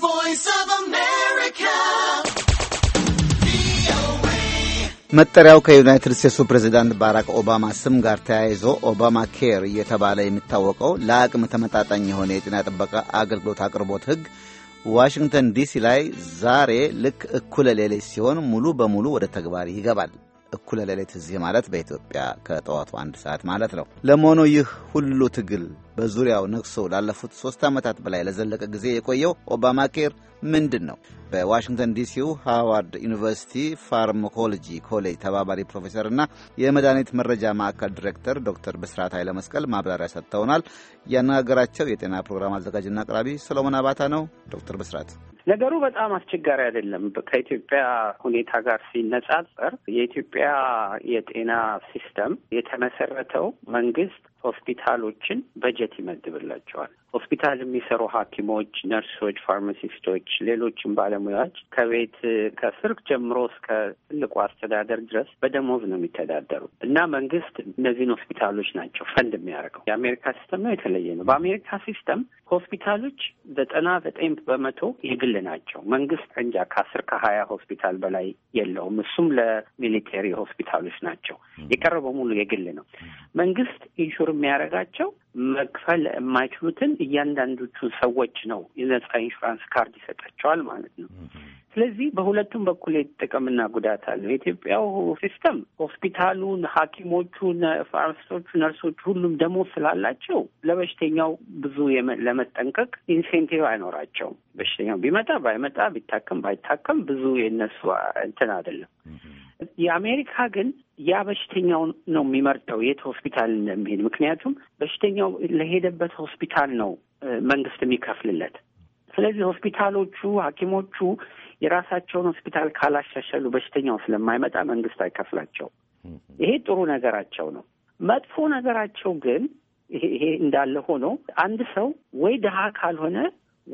Voice of America. መጠሪያው ከዩናይትድ ስቴትሱ ፕሬዚዳንት ባራክ ኦባማ ስም ጋር ተያይዞ ኦባማ ኬር እየተባለ የሚታወቀው ለአቅም ተመጣጣኝ የሆነ የጤና ጥበቃ አገልግሎት አቅርቦት ሕግ ዋሽንግተን ዲሲ ላይ ዛሬ ልክ እኩለ ሌሊት ሲሆን ሙሉ በሙሉ ወደ ተግባር ይገባል። እኩለ ሌሊት እዚህ ማለት በኢትዮጵያ ከጠዋቱ አንድ ሰዓት ማለት ነው። ለመሆኑ ይህ ሁሉ ትግል በዙሪያው ነግሶ ላለፉት ሶስት ዓመታት በላይ ለዘለቀ ጊዜ የቆየው ኦባማ ኬር ምንድን ነው? በዋሽንግተን ዲሲው ሃዋርድ ዩኒቨርሲቲ ፋርማኮሎጂ ኮሌጅ ተባባሪ ፕሮፌሰር እና የመድኃኒት መረጃ ማዕከል ዲሬክተር ዶክተር ብስራት ኃይለ መስቀል ማብራሪያ ሰጥተውናል። ያነጋገራቸው የጤና ፕሮግራም አዘጋጅና አቅራቢ ሰሎሞን አባታ ነው። ዶክተር ብስራት ነገሩ በጣም አስቸጋሪ አይደለም። ከኢትዮጵያ ሁኔታ ጋር ሲነጻጸር የኢትዮጵያ የጤና ሲስተም የተመሰረተው መንግስት ሆስፒታሎችን በጀት ይመድብላቸዋል። ሆስፒታል የሚሰሩ ሐኪሞች፣ ነርሶች፣ ፋርማሲስቶች፣ ሌሎችም ባለሙያዎች ከቤት ከስርክ ጀምሮ እስከ ትልቁ አስተዳደር ድረስ በደሞዝ ነው የሚተዳደሩ እና መንግስት እነዚህን ሆስፒታሎች ናቸው ፈንድ የሚያደርገው። የአሜሪካ ሲስተም ነው የተለየ ነው። በአሜሪካ ሲስተም ሆስፒታሎች ዘጠና ዘጠኝ በመቶ የግል ናቸው። መንግስት እንጃ ከአስር ከሀያ ሆስፒታል በላይ የለውም። እሱም ለሚሊቴሪ ሆስፒታሎች ናቸው። የቀረበው ሙሉ የግል ነው። መንግስት ኢንሹር የሚያደርጋቸው መክፈል የማይችሉትን እያንዳንዶቹን ሰዎች ነው የነጻ ኢንሹራንስ ካርድ ይሰጣቸዋል ማለት ነው። ስለዚህ በሁለቱም በኩል ጥቅምና ጉዳት አለው። የኢትዮጵያው ሲስተም ሆስፒታሉን፣ ሐኪሞቹን፣ ፋርማሲስቶቹ፣ ነርሶቹ ሁሉም ደሞ ስላላቸው ለበሽተኛው ብዙ ለመጠንቀቅ ኢንሴንቲቭ አይኖራቸውም። በሽተኛው ቢመጣ ባይመጣ ቢታከም ባይታከም ብዙ የነሱ እንትን አይደለም። የአሜሪካ ግን ያ በሽተኛውን ነው የሚመርጠው የት ሆስፒታል እንደሚሄድ ምክንያቱም በሽተኛ አንደኛው ለሄደበት ሆስፒታል ነው መንግስት የሚከፍልለት። ስለዚህ ሆስፒታሎቹ፣ ሐኪሞቹ የራሳቸውን ሆስፒታል ካላሻሸሉ በሽተኛው ስለማይመጣ መንግስት አይከፍላቸው። ይሄ ጥሩ ነገራቸው ነው። መጥፎ ነገራቸው ግን ይሄ እንዳለ ሆኖ አንድ ሰው ወይ ድሀ ካልሆነ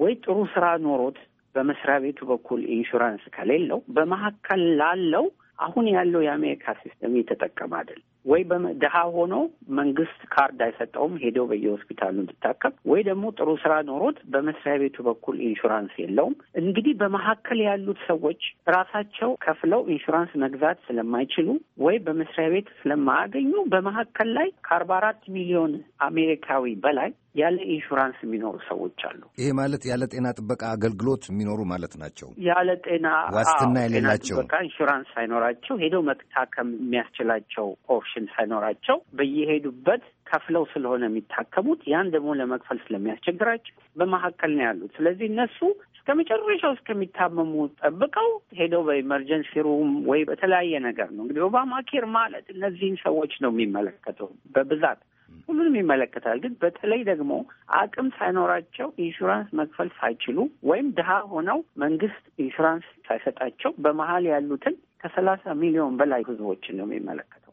ወይ ጥሩ ስራ ኖሮት በመስሪያ ቤቱ በኩል ኢንሹራንስ ከሌለው በመካከል ላለው አሁን ያለው የአሜሪካ ሲስተም የተጠቀመ አይደል። ወይ ድሀ ሆኖ መንግስት ካርድ አይሰጠውም ሄደው በየሆስፒታሉ እንዲታከም፣ ወይ ደግሞ ጥሩ ስራ ኖሮት በመስሪያ ቤቱ በኩል ኢንሹራንስ የለውም። እንግዲህ በመካከል ያሉት ሰዎች ራሳቸው ከፍለው ኢንሹራንስ መግዛት ስለማይችሉ ወይ በመስሪያ ቤት ስለማያገኙ በመካከል ላይ ከአርባ አራት ሚሊዮን አሜሪካዊ በላይ ያለ ኢንሹራንስ የሚኖሩ ሰዎች አሉ። ይሄ ማለት ያለ ጤና ጥበቃ አገልግሎት የሚኖሩ ማለት ናቸው። ያለ ጤና ዋስትና የሌላቸው ጥበቃ ኢንሹራንስ ሳይኖራቸው ሄደው መታከም የሚያስችላቸው ኦፕሽን ሳይኖራቸው በየሄዱበት ከፍለው ስለሆነ የሚታከሙት ያን ደግሞ ለመክፈል ስለሚያስቸግራቸው በመካከል ነው ያሉት። ስለዚህ እነሱ እስከ መጨረሻው እስከሚታመሙ ጠብቀው ሄደው በኢመርጀንሲ ሩም ወይ በተለያየ ነገር ነው እንግዲህ ኦባማ ኬር ማለት እነዚህን ሰዎች ነው የሚመለከተው በብዛት ሁሉንም ይመለከታል። ግን በተለይ ደግሞ አቅም ሳይኖራቸው ኢንሹራንስ መክፈል ሳይችሉ ወይም ድሀ ሆነው መንግስት ኢንሹራንስ ሳይሰጣቸው በመሀል ያሉትን ከሰላሳ ሚሊዮን በላይ ህዝቦችን ነው የሚመለከተው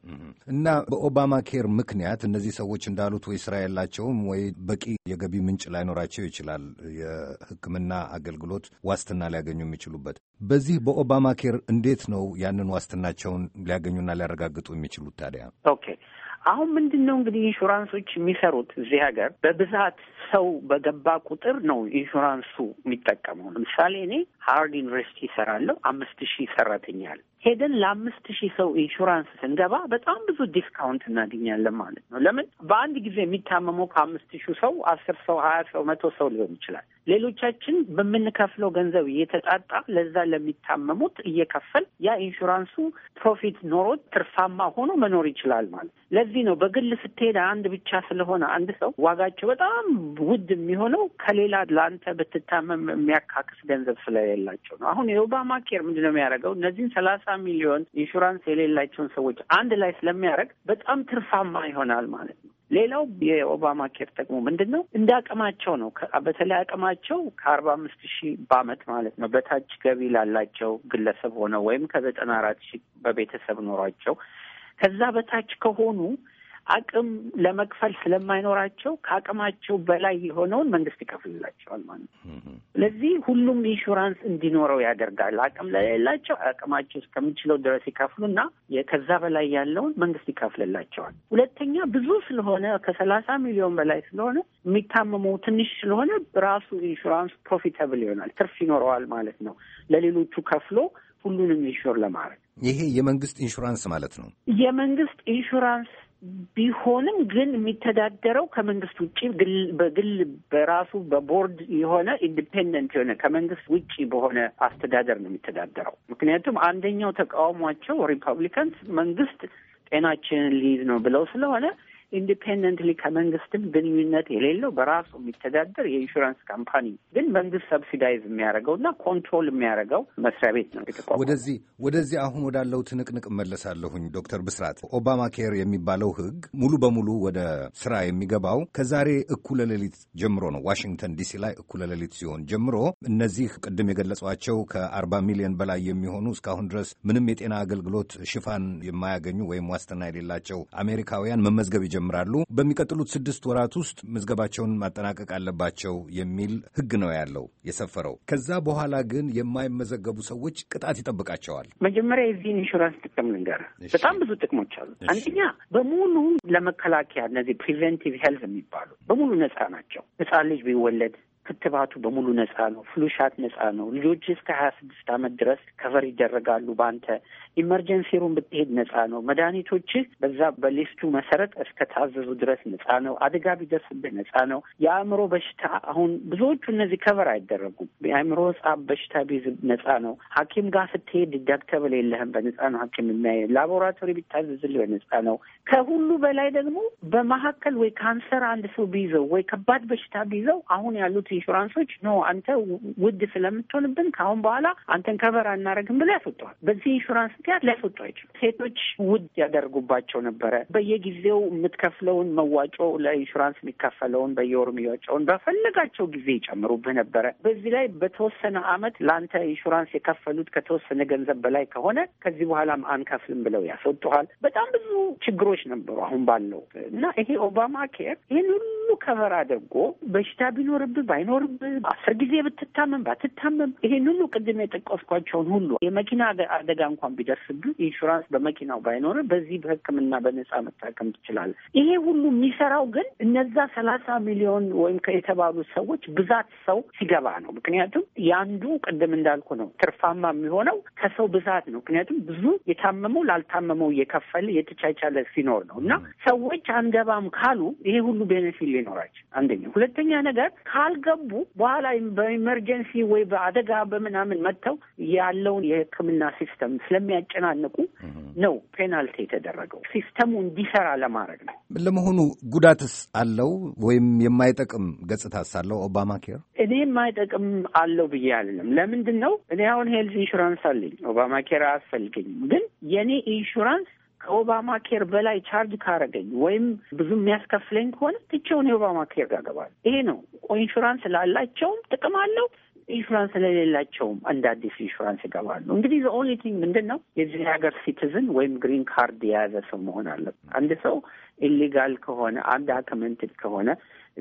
እና በኦባማ ኬር ምክንያት እነዚህ ሰዎች እንዳሉት ወይ ስራ የላቸውም ወይ በቂ የገቢ ምንጭ ላይኖራቸው ይችላል የሕክምና አገልግሎት ዋስትና ሊያገኙ የሚችሉበት። በዚህ በኦባማ ኬር እንዴት ነው ያንን ዋስትናቸውን ሊያገኙና ሊያረጋግጡ የሚችሉት ታዲያ? ኦኬ አሁን ምንድን ነው እንግዲህ ኢንሹራንሶች የሚሰሩት እዚህ ሀገር በብዛት ሰው በገባ ቁጥር ነው ኢንሹራንሱ የሚጠቀመው። ለምሳሌ እኔ ሃዋርድ ዩኒቨርሲቲ ይሰራለሁ አምስት ሺህ ሰራተኛል ሄደን ለአምስት ሺህ ሰው ኢንሹራንስ ስንገባ በጣም ብዙ ዲስካውንት እናገኛለን ማለት ነው። ለምን በአንድ ጊዜ የሚታመመው ከአምስት ሺህ ሰው አስር ሰው ሀያ ሰው መቶ ሰው ሊሆን ይችላል። ሌሎቻችን በምንከፍለው ገንዘብ እየተጣጣ ለዛ ለሚታመሙት እየከፈል ያ ኢንሹራንሱ ፕሮፊት ኖሮት ትርፋማ ሆኖ መኖር ይችላል ማለት። ለዚህ ነው በግል ስትሄድ አንድ ብቻ ስለሆነ አንድ ሰው ዋጋቸው በጣም ውድ የሚሆነው ከሌላ ለአንተ ብትታመም የሚያካክስ ገንዘብ ስለሌላቸው ነው። አሁን የኦባማ ኬር ምንድነው የሚያደርገው? እነዚህን ሰላሳ ሚሊዮን ኢንሹራንስ የሌላቸውን ሰዎች አንድ ላይ ስለሚያደርግ በጣም ትርፋማ ይሆናል ማለት ነው። ሌላው የኦባማ ኬር ጥቅሙ ምንድን ነው? እንደ አቅማቸው ነው። በተለይ አቅማቸው ከአርባ አምስት ሺህ በአመት ማለት ነው በታች ገቢ ላላቸው ግለሰብ ሆነው ወይም ከዘጠና አራት ሺህ በቤተሰብ ኖሯቸው ከዛ በታች ከሆኑ አቅም ለመክፈል ስለማይኖራቸው ከአቅማቸው በላይ የሆነውን መንግስት ይከፍልላቸዋል ማለት ነው። ስለዚህ ሁሉም ኢንሹራንስ እንዲኖረው ያደርጋል። አቅም ለሌላቸው አቅማቸው እስከሚችለው ድረስ ይከፍሉና ከዛ በላይ ያለውን መንግስት ይከፍልላቸዋል። ሁለተኛ ብዙ ስለሆነ ከሰላሳ ሚሊዮን በላይ ስለሆነ የሚታመመው ትንሽ ስለሆነ ራሱ ኢንሹራንስ ፕሮፊታብል ይሆናል፣ ትርፍ ይኖረዋል ማለት ነው ለሌሎቹ ከፍሎ ሁሉንም ኢንሹር ለማድረግ ይሄ የመንግስት ኢንሹራንስ ማለት ነው። የመንግስት ኢንሹራንስ ቢሆንም ግን የሚተዳደረው ከመንግስት ውጭ በግል በራሱ በቦርድ የሆነ ኢንዲፔንደንት የሆነ ከመንግስት ውጭ በሆነ አስተዳደር ነው የሚተዳደረው። ምክንያቱም አንደኛው ተቃውሟቸው ሪፐብሊካንስ መንግስት ጤናችንን ሊይዝ ነው ብለው ስለሆነ ኢንዲፔንደንትሊ ከመንግስትም ግንኙነት የሌለው በራሱ የሚተዳደር የኢንሹራንስ ካምፓኒ ግን መንግስት ሰብሲዳይዝ የሚያደርገው እና ኮንትሮል የሚያደርገው መስሪያ ቤት ነው የተቋቋመው። ወደዚህ ወደዚህ አሁን ወዳለው ትንቅንቅ እመለሳለሁኝ። ዶክተር ብስራት ኦባማ ኬር የሚባለው ህግ ሙሉ በሙሉ ወደ ስራ የሚገባው ከዛሬ እኩለ ሌሊት ጀምሮ ነው። ዋሽንግተን ዲሲ ላይ እኩለ ሌሊት ሲሆን ጀምሮ እነዚህ ቅድም የገለጿቸው ከአርባ ሚሊዮን በላይ የሚሆኑ እስካሁን ድረስ ምንም የጤና አገልግሎት ሽፋን የማያገኙ ወይም ዋስትና የሌላቸው አሜሪካውያን መመዝገብ ይጀምራል። ይጀምራሉ። በሚቀጥሉት ስድስት ወራት ውስጥ ምዝገባቸውን ማጠናቀቅ አለባቸው የሚል ህግ ነው ያለው የሰፈረው። ከዛ በኋላ ግን የማይመዘገቡ ሰዎች ቅጣት ይጠብቃቸዋል። መጀመሪያ የዚህን ኢንሹራንስ ጥቅም ልንገርህ። በጣም ብዙ ጥቅሞች አሉ። አንደኛ በሙሉ ለመከላከያ እነዚህ ፕሪቨንቲቭ ሄልዝ የሚባሉ በሙሉ ነፃ ናቸው። ህፃን ልጅ ቢወለድ ክትባቱ በሙሉ ነጻ ነው። ፍሉሻት ነጻ ነው። ልጆች እስከ ሀያ ስድስት አመት ድረስ ከቨር ይደረጋሉ። በአንተ ኢመርጀንሲ ሩም ብትሄድ ነጻ ነው። መድኃኒቶችህ በዛ በሊስቱ መሰረት እስከ ታዘዙ ድረስ ነጻ ነው። አደጋ ቢደርስብህ ነጻ ነው። የአእምሮ በሽታ አሁን ብዙዎቹ እነዚህ ከቨር አይደረጉም። የአእምሮ ህጻብ በሽታ ቢዝ ነጻ ነው። ሐኪም ጋር ስትሄድ ዳክተብል የለህም በነጻ ነው ሐኪም የሚያየ ላቦራቶሪ ቢታዘዝልህ በነጻ ነው። ከሁሉ በላይ ደግሞ በመካከል ወይ ካንሰር አንድ ሰው ቢይዘው ወይ ከባድ በሽታ ቢይዘው አሁን ያሉት ኢንሹራንሶች ኖ አንተ ውድ ስለምትሆንብን ከአሁን በኋላ አንተን ከበር አናረግም ብለው ያስወጠዋል። በዚህ ኢንሹራንስ ምክንያት ሊያስወጡ አይችሉም። ሴቶች ውድ ያደርጉባቸው ነበረ። በየጊዜው የምትከፍለውን መዋጮ ለኢንሹራንስ የሚከፈለውን በየወሩ የሚዋጫውን በፈለጋቸው ጊዜ ይጨምሩብህ ነበረ። በዚህ ላይ በተወሰነ አመት ለአንተ ኢንሹራንስ የከፈሉት ከተወሰነ ገንዘብ በላይ ከሆነ ከዚህ በኋላም አንከፍልም ብለው ያስወጡሃል። በጣም ብዙ ችግሮች ነበሩ አሁን ባለው እና ይሄ ኦባማ ኬር ይህን ሁሉ ሁሉ ከቨር አድርጎ በሽታ ቢኖርብህ ባይኖርብህ፣ አስር ጊዜ ብትታመም ባትታመም፣ ይሄን ሁሉ ቅድም የጠቀስኳቸውን ሁሉ የመኪና አደጋ እንኳን ቢደርስብህ ኢንሹራንስ በመኪናው ባይኖር በዚህ በህክምና በነጻ መታከም ትችላለህ። ይሄ ሁሉ የሚሰራው ግን እነዛ ሰላሳ ሚሊዮን ወይም የተባሉ ሰዎች ብዛት ሰው ሲገባ ነው። ምክንያቱም የአንዱ ቅድም እንዳልኩ ነው ትርፋማ የሚሆነው ከሰው ብዛት ነው። ምክንያቱም ብዙ የታመመው ላልታመመው እየከፈለ የተቻቻለ ሲኖር ነው እና ሰዎች አንገባም ካሉ ይሄ ሁሉ ቤኔፊት ሊኖራቸው አንደኛ። ሁለተኛ ነገር ካልገቡ በኋላ በኢመርጀንሲ ወይ በአደጋ በምናምን መጥተው ያለውን የሕክምና ሲስተም ስለሚያጨናንቁ ነው ፔናልቲ የተደረገው። ሲስተሙ እንዲሰራ ለማድረግ ነው። ለመሆኑ ጉዳትስ አለው ወይም የማይጠቅም ገጽታስ አለው? ኦባማ ኬር እኔ የማይጠቅም አለው ብዬ አልንም። ለምንድን ነው እኔ አሁን ሄልዝ ኢንሹራንስ አለኝ። ኦባማ ኬር አያስፈልገኝም። ግን የእኔ ኢንሹራንስ ከኦባማ ኬር በላይ ቻርጅ ካረገኝ ወይም ብዙ የሚያስከፍለኝ ከሆነ ትቼውን የኦባማ ኬር ጋር ገባለሁ። ይሄ ነው። ኢንሹራንስ ላላቸውም ጥቅም አለው። ኢንሹራንስ ለሌላቸውም እንደ አዲስ ኢንሹራንስ ይገባሉ። እንግዲህ ኦንሊ ቲንግ ምንድን ነው የዚህ ሀገር ሲቲዝን ወይም ግሪን ካርድ የያዘ ሰው መሆን አለበት። አንድ ሰው ኢሊጋል ከሆነ አንድ አክመንትድ ከሆነ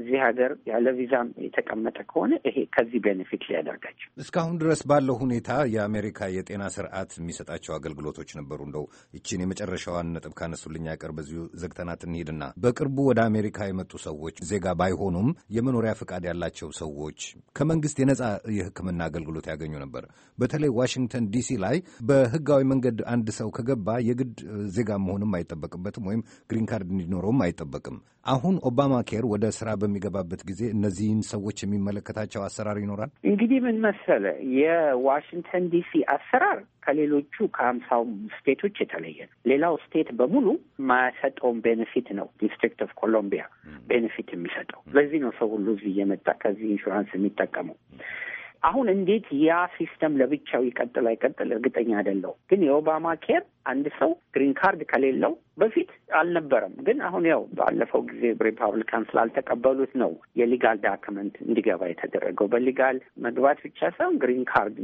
እዚህ ሀገር ያለ ቪዛም የተቀመጠ ከሆነ ይሄ ከዚህ ቤኔፊት ሊያደርጋቸው። እስካሁን ድረስ ባለው ሁኔታ የአሜሪካ የጤና ስርዓት የሚሰጣቸው አገልግሎቶች ነበሩ። እንደው ይችን የመጨረሻዋን ነጥብ ካነሱልኝ ያቀር በዚሁ ዘግተናት እንሂድና በቅርቡ ወደ አሜሪካ የመጡ ሰዎች ዜጋ ባይሆኑም የመኖሪያ ፈቃድ ያላቸው ሰዎች ከመንግስት የነጻ የሕክምና አገልግሎት ያገኙ ነበር። በተለይ ዋሽንግተን ዲሲ ላይ በህጋዊ መንገድ አንድ ሰው ከገባ የግድ ዜጋ መሆንም አይጠበቅበትም ወይም ግሪን ካርድ እንዲኖረውም አይጠበቅም። አሁን ኦባማ ኬር ወደ ስራ በሚገባበት ጊዜ እነዚህን ሰዎች የሚመለከታቸው አሰራር ይኖራል። እንግዲህ ምን መሰለ የዋሽንግተን ዲሲ አሰራር ከሌሎቹ ከሀምሳው ስቴቶች የተለየ ነው። ሌላው ስቴት በሙሉ የማያሰጠውን ቤኔፊት ነው ዲስትሪክት ኦፍ ኮሎምቢያ ቤኔፊት የሚሰጠው። ለዚህ ነው ሰው ሁሉ እዚህ እየመጣ ከዚህ ኢንሹራንስ የሚጠቀመው። አሁን እንዴት ያ ሲስተም ለብቻው ይቀጥል አይቀጥል እርግጠኛ አይደለሁ ግን የኦባማ ኬር አንድ ሰው ግሪን ካርድ ከሌለው በፊት አልነበረም። ግን አሁን ያው ባለፈው ጊዜ ሪፓብሊካን ስላልተቀበሉት ነው የሊጋል ዳክመንት እንዲገባ የተደረገው። በሊጋል መግባት ብቻ ሳይሆን ግሪን ካርድ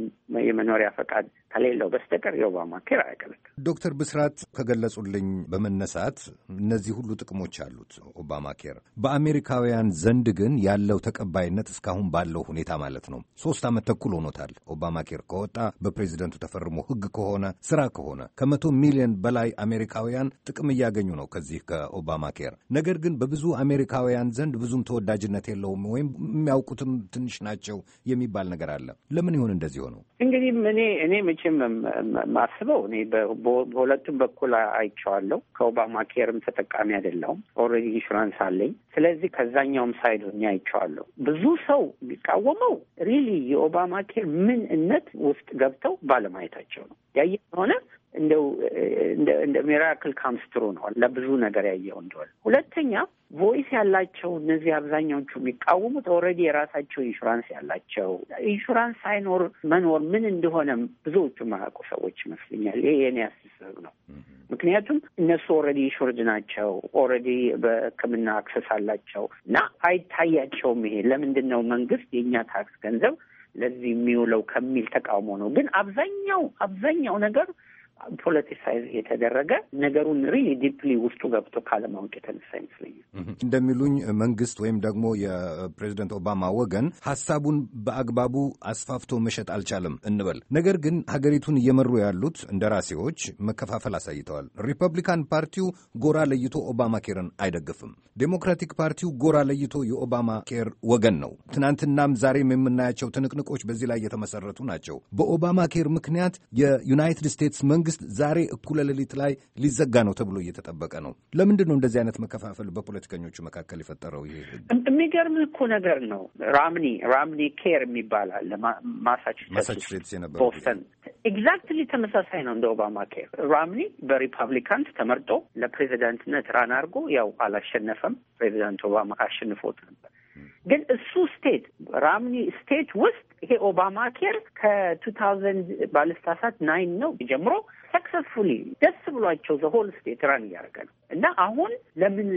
የመኖሪያ ፈቃድ ከሌለው በስተቀር የኦባማ ኬር አያገለግልም። ዶክተር ብስራት ከገለጹልኝ በመነሳት እነዚህ ሁሉ ጥቅሞች አሉት ኦባማ ኬር። በአሜሪካውያን ዘንድ ግን ያለው ተቀባይነት እስካሁን ባለው ሁኔታ ማለት ነው ሶስት ዓመት ተኩል ሆኖታል። ኦባማ ኬር ከወጣ በፕሬዚደንቱ ተፈርሞ ህግ ከሆነ ስራ ከሆነ ከመቶ ሚሊዮን በላይ አሜሪካውያን ጥቅም እያገኙ ነው ከዚህ ከኦባማ ኬር። ነገር ግን በብዙ አሜሪካውያን ዘንድ ብዙም ተወዳጅነት የለውም ወይም የሚያውቁትም ትንሽ ናቸው የሚባል ነገር አለ። ለምን ይሆን እንደዚህ ሆነው? እንግዲህ እኔ እኔ መቼም ማስበው እኔ በሁለቱም በኩል አይቼዋለሁ። ከኦባማ ኬርም ተጠቃሚ አይደለሁም። ኦልሬዲ ኢንሹራንስ አለኝ። ስለዚህ ከዛኛውም ሳይድ ሆኜ አይቼዋለሁ። ብዙ ሰው የሚቃወመው ሪሊ የኦባማ ኬር ምንነት ውስጥ ገብተው ባለማየታቸው ነው ያየ ከሆነ እንደው እንደ ሚራክል ካምስትሩ ነው ለብዙ ነገር ያየው እንደሆነ። ሁለተኛ ቮይስ ያላቸው እነዚህ አብዛኛዎቹ የሚቃወሙት ኦልሬዲ የራሳቸው ኢንሹራንስ ያላቸው ኢንሹራንስ ሳይኖር መኖር ምን እንደሆነ ብዙዎቹ የማያውቁ ሰዎች ይመስለኛል። ይሄ የኔ አስተሳሰብ ነው። ምክንያቱም እነሱ ኦልሬዲ ኢንሹርድ ናቸው፣ ኦልሬዲ በሕክምና አክሰስ አላቸው እና አይታያቸውም። ይሄ ለምንድን ነው መንግስት የእኛ ታክስ ገንዘብ ለዚህ የሚውለው ከሚል ተቃውሞ ነው። ግን አብዛኛው አብዛኛው ነገር ፖለቲሳይዝ የተደረገ ነገሩን ሪሊ ዲፕሊ ውስጡ ገብቶ ካለማወቅ የተነሳ ይመስለኛል። እንደሚሉኝ መንግስት ወይም ደግሞ የፕሬዚደንት ኦባማ ወገን ሀሳቡን በአግባቡ አስፋፍቶ መሸጥ አልቻለም እንበል። ነገር ግን ሀገሪቱን እየመሩ ያሉት እንደራሴዎች መከፋፈል አሳይተዋል። ሪፐብሊካን ፓርቲው ጎራ ለይቶ ኦባማ ኬርን አይደግፍም። ዴሞክራቲክ ፓርቲው ጎራ ለይቶ የኦባማ ኬር ወገን ነው። ትናንትናም ዛሬም የምናያቸው ትንቅንቆች በዚህ ላይ የተመሰረቱ ናቸው። በኦባማ ኬር ምክንያት የዩናይትድ ስቴትስ መንግስት መንግስት ዛሬ እኩለ ሌሊት ላይ ሊዘጋ ነው ተብሎ እየተጠበቀ ነው። ለምንድን ነው እንደዚህ አይነት መከፋፈል በፖለቲከኞቹ መካከል የፈጠረው? ይሄ የሚገርም እኮ ነገር ነው። ራምኒ ራምኒ ኬር የሚባል አለ ማሳቹሴትስ የነበረው ቦስተን፣ ኤግዛክትሊ ተመሳሳይ ነው እንደ ኦባማ ኬር። ራምኒ በሪፐብሊካንስ ተመርጦ ለፕሬዚዳንትነት ራን አድርጎ ያው አላሸነፈም። ፕሬዚዳንት ኦባማ አሸንፎት ነበር። ግን እሱ ስቴት ራምኒ ስቴት ውስጥ ይሄ ኦባማ ኬር ከቱ ታውዘንድ ባለስታሳት ናይን ነው ጀምሮ ሰክሰስፉሊ ደስ ብሏቸው ዘሆል ስቴት ራን እያደረገ ነው እና አሁን ለምን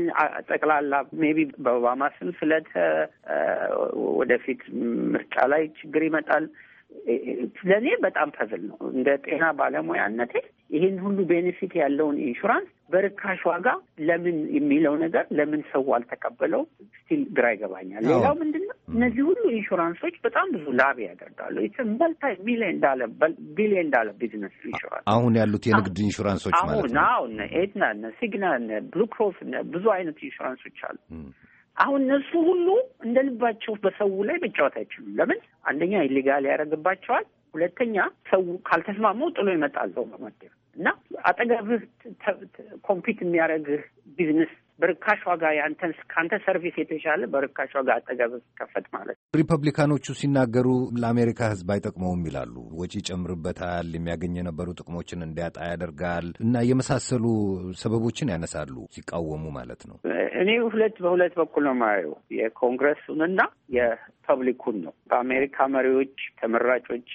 ጠቅላላ ሜቢ በኦባማ ስም ስለተ ወደፊት ምርጫ ላይ ችግር ይመጣል። ለእኔ በጣም ፐዝል ነው። እንደ ጤና ባለሙያነቴ ይህን ሁሉ ቤኔፊት ያለውን ኢንሹራንስ በርካሽ ዋጋ ለምን የሚለው ነገር ለምን ሰው አልተቀበለው ስቲል ግራ ይገባኛል። ሌላው ምንድን ነው እነዚህ ሁሉ ኢንሹራንሶች በጣም ብዙ ላብ ያደርጋሉ። በልታ ሚሊዮን ቢሊዮን ዳለ ቢዝነስ ኢንሹራንስ አሁን ያሉት የንግድ ኢንሹራንሶች ማለት ነው። አሁን ኤትና ሲግና ብሉ ክሮስ ብዙ አይነት ኢንሹራንሶች አሉ። አሁን እነሱ ሁሉ እንደ ልባቸው በሰው ላይ መጫወት አይችሉም። ለምን? አንደኛ ኢሌጋል ያደርግባቸዋል። ሁለተኛ ሰው ካልተስማመው ጥሎ ይመጣል በመደብ እና አጠገብህ ኮምፒት የሚያደርግህ ቢዝነስ በርካሽ ዋጋ ያንተን ከአንተ ሰርቪስ የተሻለ በርካሽ ዋጋ አጠገብ ሲከፈት ማለት ነው። ሪፐብሊካኖቹ ሲናገሩ ለአሜሪካ ሕዝብ አይጠቅመውም ይላሉ። ወጪ ይጨምርበታል፣ የሚያገኝ የነበሩ ጥቅሞችን እንዲያጣ ያደርጋል እና የመሳሰሉ ሰበቦችን ያነሳሉ ሲቃወሙ ማለት ነው። እኔ ሁለት በሁለት በኩል ነው የማየው የኮንግረሱንና ፐብሊኩን ነው። በአሜሪካ መሪዎች ተመራጮች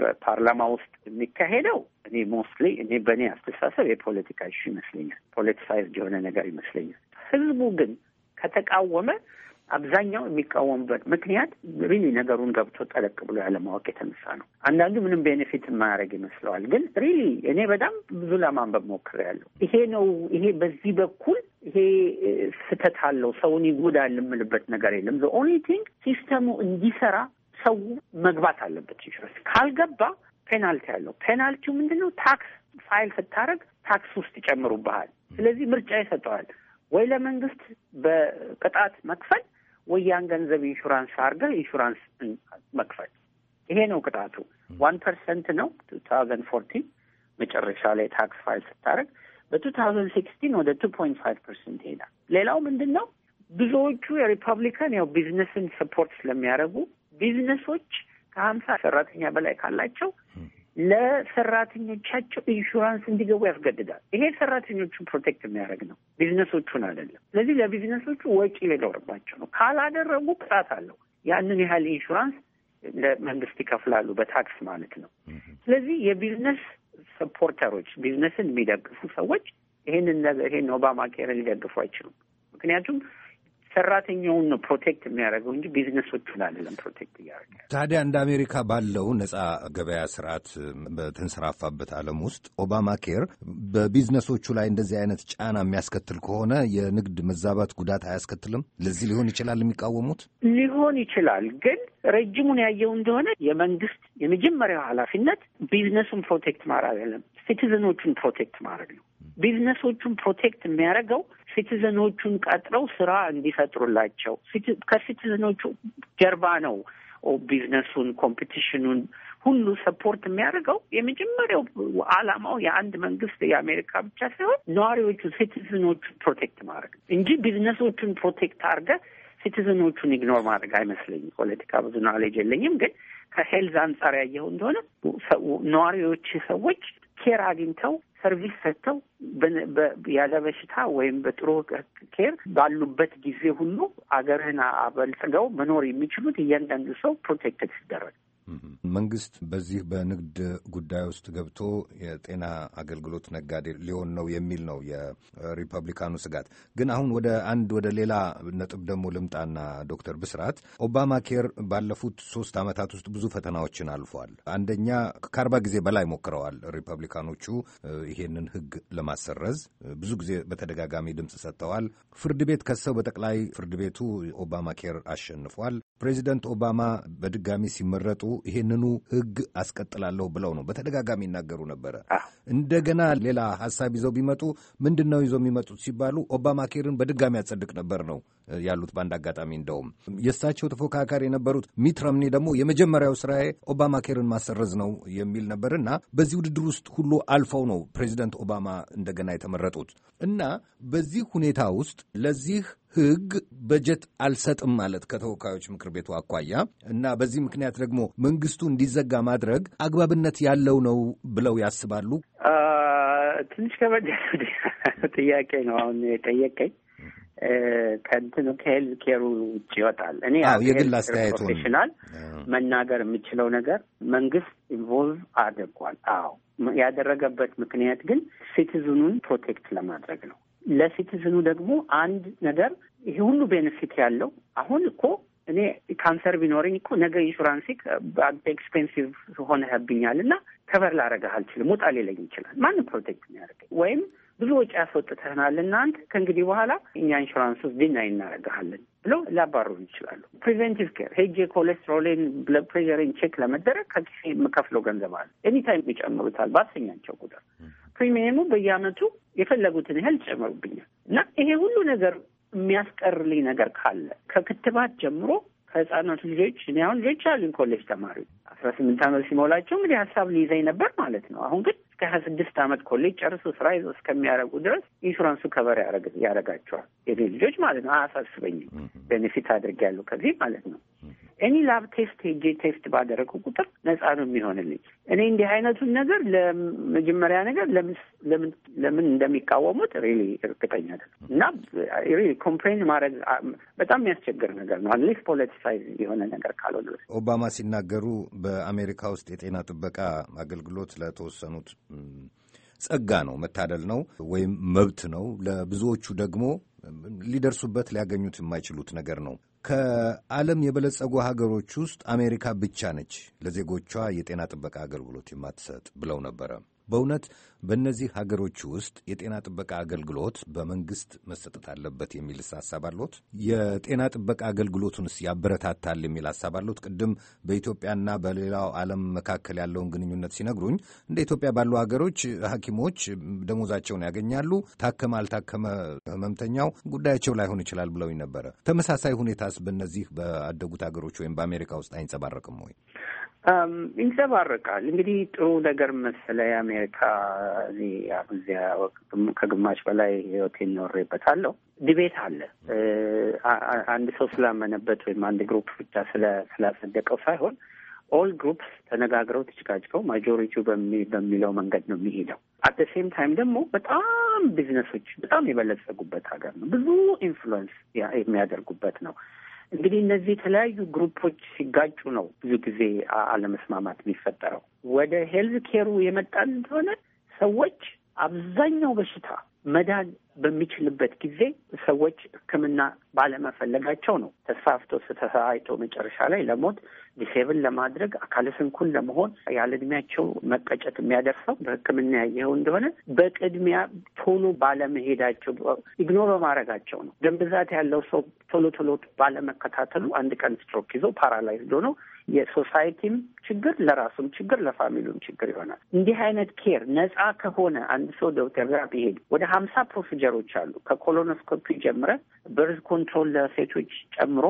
በፓርላማ ውስጥ የሚካሄደው እኔ ሞስትሊ እኔ በእኔ አስተሳሰብ የፖለቲካ እሹ ይመስለኛል። ፖለቲሳይዝድ የሆነ ነገር ይመስለኛል። ህዝቡ ግን ከተቃወመ አብዛኛው የሚቃወሙበት ምክንያት ሪሊ ነገሩን ገብቶ ጠለቅ ብሎ ያለማወቅ የተነሳ ነው። አንዳንዱ ምንም ቤኔፊት የማያደርግ ይመስለዋል። ግን ሪሊ እኔ በጣም ብዙ ለማንበብ ሞክሬያለሁ። ይሄ ነው ይሄ በዚህ በኩል ይሄ ስህተት አለው ሰውን ይጎዳል የምልበት ነገር የለም። ዘ ኦንሊ ቲንግ ሲስተሙ እንዲሰራ ሰው መግባት አለበት። ኢንሹራንስ ካልገባ ፔናልቲ አለው። ፔናልቲው ምንድን ነው? ታክስ ፋይል ስታደርግ ታክስ ውስጥ ይጨምሩብሃል። ስለዚህ ምርጫ ይሰጠዋል ወይ ለመንግስት በቅጣት መክፈል ወይ ያን ገንዘብ ኢንሹራንስ አድርገህ ኢንሹራንስ መክፈል። ይሄ ነው ቅጣቱ። ዋን ፐርሰንት ነው ቱ ታውዘንድ ፎርቲን መጨረሻ ላይ ታክስ ፋይል ስታደርግ በቱ ታውዘንድ ሲክስቲን ወደ ቱ ፖይንት ፋይቭ ፐርሰንት ይሄዳል። ሌላው ምንድን ነው? ብዙዎቹ የሪፐብሊካን ያው ቢዝነስን ሰፖርት ስለሚያደርጉ ቢዝነሶች ከሀምሳ ሰራተኛ በላይ ካላቸው ለሰራተኞቻቸው ኢንሹራንስ እንዲገቡ ያስገድዳል። ይሄ ሰራተኞቹን ፕሮቴክት የሚያደርግ ነው፣ ቢዝነሶቹን አይደለም። ስለዚህ ለቢዝነሶቹ ወጪ ሊኖርባቸው ነው። ካላደረጉ ቅጣት አለው። ያንን ያህል ኢንሹራንስ ለመንግስት ይከፍላሉ፣ በታክስ ማለት ነው። ስለዚህ የቢዝነስ ሰፖርተሮች፣ ቢዝነስን የሚደግፉ ሰዎች ይሄንን ይህን ኦባማ ኬርን ሊደግፉ አይችሉም። ምክንያቱም ሰራተኛውን ነው ፕሮቴክት የሚያደርገው እንጂ ቢዝነሶቹን አይደለም ፕሮቴክት እያደረገ። ታዲያ እንደ አሜሪካ ባለው ነጻ ገበያ ስርዓት በተንሰራፋበት ዓለም ውስጥ ኦባማ ኬር በቢዝነሶቹ ላይ እንደዚህ አይነት ጫና የሚያስከትል ከሆነ የንግድ መዛባት ጉዳት አያስከትልም? ለዚህ ሊሆን ይችላል የሚቃወሙት ሊሆን ይችላል ግን ረጅሙን ያየው እንደሆነ የመንግስት የመጀመሪያው ኃላፊነት ቢዝነሱን ፕሮቴክት ማድረግ አይደለም፣ ሲቲዝኖቹን ፕሮቴክት ማድረግ ነው። ቢዝነሶቹን ፕሮቴክት የሚያደርገው ሲቲዘኖቹን ቀጥረው ስራ እንዲፈጥሩላቸው ከሲቲዘኖቹ ጀርባ ነው ቢዝነሱን፣ ኮምፒቲሽኑን ሁሉ ሰፖርት የሚያደርገው የመጀመሪያው አላማው የአንድ መንግስት የአሜሪካ ብቻ ሳይሆን ነዋሪዎቹ ሲቲዝኖቹን ፕሮቴክት ማድረግ እንጂ ቢዝነሶቹን ፕሮቴክት አድርገ ሲቲዝኖቹን ኢግኖር ማድረግ አይመስለኝም። ፖለቲካ ብዙ ናሌጅ የለኝም፣ ግን ከሄልዝ አንጻር ያየው እንደሆነ ነዋሪዎች ሰዎች ኬር አግኝተው ሰርቪስ ሰጥተው ያለ በሽታ ወይም በጥሩ ኬር ባሉበት ጊዜ ሁሉ አገርህን አበልጽገው መኖር የሚችሉት እያንዳንዱ ሰው ፕሮቴክትድ ሲደረግ መንግስት በዚህ በንግድ ጉዳይ ውስጥ ገብቶ የጤና አገልግሎት ነጋዴ ሊሆን ነው የሚል ነው የሪፐብሊካኑ ስጋት። ግን አሁን ወደ አንድ ወደ ሌላ ነጥብ ደግሞ ልምጣና ዶክተር ብስራት ኦባማ ኬር ባለፉት ሶስት ዓመታት ውስጥ ብዙ ፈተናዎችን አልፏል። አንደኛ ከአርባ ጊዜ በላይ ሞክረዋል ሪፐብሊካኖቹ ይሄንን ህግ ለማሰረዝ ብዙ ጊዜ በተደጋጋሚ ድምፅ ሰጥተዋል። ፍርድ ቤት ከሰው በጠቅላይ ፍርድ ቤቱ ኦባማ ኬር አሸንፏል። ፕሬዚደንት ኦባማ በድጋሚ ሲመረጡ ይሄንኑ ህግ አስቀጥላለሁ ብለው ነው በተደጋጋሚ ይናገሩ ነበረ። እንደገና ሌላ ሀሳብ ይዘው ቢመጡ ምንድን ነው ይዘው የሚመጡት ሲባሉ ኦባማ ኬርን በድጋሚ ያጸድቅ ነበር ነው ያሉት። በአንድ አጋጣሚ እንደውም የእሳቸው ተፎካካሪ የነበሩት ሚት ሮምኒ ደግሞ የመጀመሪያው ስራዬ ኦባማ ኬርን ማሰረዝ ነው የሚል ነበር እና በዚህ ውድድር ውስጥ ሁሉ አልፈው ነው ፕሬዚደንት ኦባማ እንደገና የተመረጡት እና በዚህ ሁኔታ ውስጥ ለዚህ ህግ በጀት አልሰጥም ማለት ከተወካዮች ምክር ቤቱ አኳያ እና በዚህ ምክንያት ደግሞ መንግስቱ እንዲዘጋ ማድረግ አግባብነት ያለው ነው ብለው ያስባሉ? ትንሽ ከበድ ጥያቄ ነው አሁን የጠየቀኝ። ከእንትኑ ከሄልዝ ኬሩ ውጭ ይወጣል። እኔ የግል አስተያየት ፕሮፌሽናል መናገር የምችለው ነገር መንግስት ኢንቮልቭ አድርጓል። አዎ ያደረገበት ምክንያት ግን ሲቲዝኑን ፕሮቴክት ለማድረግ ነው። ለሲቲዝኑ ደግሞ አንድ ነገር ይሄ ሁሉ ቤኔፊት ያለው አሁን እኮ እኔ ካንሰር ቢኖረኝ እኮ ነገ ኢንሹራንስ ኤክስፔንሲቭ ሆነህብኛል እና ከበር ላረገህ አልችልም፣ ወጣ ሌለኝ ይችላል። ማንም ፕሮቴክት ያደርገኝ ወይም ብዙ ወጪ ያስወጥተህናል እና አንተ ከእንግዲህ በኋላ እኛ ኢንሹራንስ ውስጥ ዲናይ እናደርግሃለን ብለው ሊያባርሩን ይችላሉ። ፕሪቨንቲቭ ኬር ሄጄ ኮሌስትሮሌን፣ ብለድ ፕሬሸሬን ቼክ ለመደረግ ከጊዜ የምከፍለው ገንዘብ አለ። ኤኒታይም ይጨምሩታል በአስኛቸው ቁጥር ፕሪሚየሙ በየአመቱ የፈለጉትን ያህል ጨምሩብኛል እና ይሄ ሁሉ ነገር የሚያስቀርልኝ ነገር ካለ ከክትባት ጀምሮ ከህጻናቱ ልጆች እኔ አሁን ልጆች አሉኝ ኮሌጅ ተማሪ አስራ ስምንት አመት ሲሞላቸው እንግዲህ ሀሳብ ሊይዘኝ ነበር ማለት ነው። አሁን ግን እስከ ሀያ ስድስት አመት ኮሌጅ ጨርሶ ስራ ይዞ እስከሚያደርጉ ድረስ ኢንሹራንሱ ከበር ያደርጋቸዋል የኔ ልጆች ማለት ነው። አያሳስበኝም። ቤኔፊት አድርጌያለሁ ከዚህ ማለት ነው። እኔ ላብ ቴስት ሄጄ ቴስት ባደረጉ ቁጥር ነጻ ነው የሚሆንልኝ። እኔ እንዲህ አይነቱን ነገር ለመጀመሪያ ነገር ለምን ለምን እንደሚቃወሙት ሪሊ እርግጠኛ እና ሪሊ ኮምፕሌን ማድረግ በጣም የሚያስቸግር ነገር ነው። አትሊስት ፖለቲሳይዝ የሆነ ነገር ካልሆነ ኦባማ ሲናገሩ በአሜሪካ ውስጥ የጤና ጥበቃ አገልግሎት ለተወሰኑት ጸጋ ነው፣ መታደል ነው ወይም መብት ነው። ለብዙዎቹ ደግሞ ሊደርሱበት ሊያገኙት የማይችሉት ነገር ነው። ከዓለም የበለጸጉ ሀገሮች ውስጥ አሜሪካ ብቻ ነች ለዜጎቿ የጤና ጥበቃ አገልግሎት የማትሰጥ ብለው ነበረ። በእውነት በእነዚህ ሀገሮች ውስጥ የጤና ጥበቃ አገልግሎት በመንግስት መሰጠት አለበት የሚል ሀሳብ አለት? የጤና ጥበቃ አገልግሎቱንስ ያበረታታል የሚል ሀሳብ አለት? ቅድም በኢትዮጵያና በሌላው ዓለም መካከል ያለውን ግንኙነት ሲነግሩኝ እንደ ኢትዮጵያ ባሉ ሀገሮች ሐኪሞች ደሞዛቸውን ያገኛሉ፣ ታከመ አልታከመ ህመምተኛው ጉዳያቸው ላይሆን ይችላል ብለውኝ ነበረ። ተመሳሳይ ሁኔታስ በእነዚህ በአደጉት ሀገሮች ወይም በአሜሪካ ውስጥ አይንጸባረቅም ወይ? ይንጸባረቃል። እንግዲህ ጥሩ ነገር መሰለ የአሜሪካ እዚህ ዚያ ከግማሽ በላይ ህይወቴን ኖሬበታለሁ። ዲቤት አለ። አንድ ሰው ስላመነበት ወይም አንድ ግሩፕ ብቻ ስላጸደቀው ሳይሆን ኦል ግሩፕስ ተነጋግረው ተጭቃጭቀው ማጆሪቲው በሚለው መንገድ ነው የሚሄደው። አት ሴም ታይም ደግሞ በጣም ቢዝነሶች በጣም የበለጸጉበት ሀገር ነው። ብዙ ኢንፍሉዌንስ የሚያደርጉበት ነው። እንግዲህ እነዚህ የተለያዩ ግሩፖች ሲጋጩ ነው ብዙ ጊዜ አለመስማማት የሚፈጠረው። ወደ ሄልዝ ኬሩ የመጣን እንደሆነ ሰዎች አብዛኛው በሽታ መዳን በሚችልበት ጊዜ ሰዎች ሕክምና ባለመፈለጋቸው ነው ተስፋፍቶ ተሰራይቶ መጨረሻ ላይ ለሞት ዲሴብል ለማድረግ አካለ ስንኩል ለመሆን ያለ እድሜያቸው መቀጨት የሚያደርሰው በሕክምና ያየኸው እንደሆነ በቅድሚያ ቶሎ ባለመሄዳቸው ኢግኖር በማድረጋቸው ነው። ደም ብዛት ያለው ሰው ቶሎ ቶሎ ባለመከታተሉ አንድ ቀን ስትሮክ ይዞ ፓራላይዝዶ ነው የሶሳይቲም ችግር ለራሱም ችግር ለፋሚሉም ችግር ይሆናል። እንዲህ አይነት ኬር ነፃ ከሆነ አንድ ሰው ዶክተር ጋር ቢሄድ ወደ ሀምሳ ፕሮሲጀሮች አሉ ከኮሎኖስኮፒ ጀምረ በርዝ ኮንትሮል ለሴቶች ጨምሮ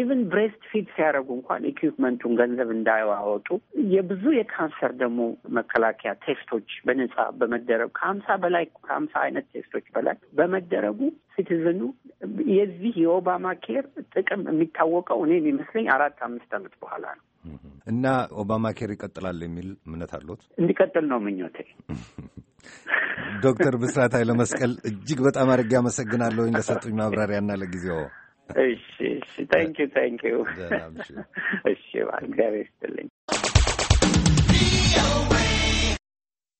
ኢቨን ብሬስት ፊድ ሲያደርጉ እንኳን ኢኩፕመንቱን ገንዘብ እንዳያወጡ የብዙ የካንሰር ደግሞ መከላከያ ቴስቶች በነጻ በመደረጉ ከሀምሳ በላይ ከሀምሳ አይነት ቴስቶች በላይ በመደረጉ ሲቲዝኑ የዚህ የኦባማ ኬር ጥቅም የሚታወቀው እኔ የሚመስለኝ አራት አምስት ዓመት በኋላ ነው። እና ኦባማ ኬር ይቀጥላል የሚል እምነት አሉት? እንዲቀጥል ነው ምኞቴ። ዶክተር ብስራት ኃይለ መስቀል እጅግ በጣም አድርጌ አመሰግናለሁኝ ለሰጡኝ ማብራሪያና ለጊዜው እሺ፣ እሺ። ታንኪዩ ታንኪዩ። እሺ፣ እግዚአብሔር ይስጥልኝ።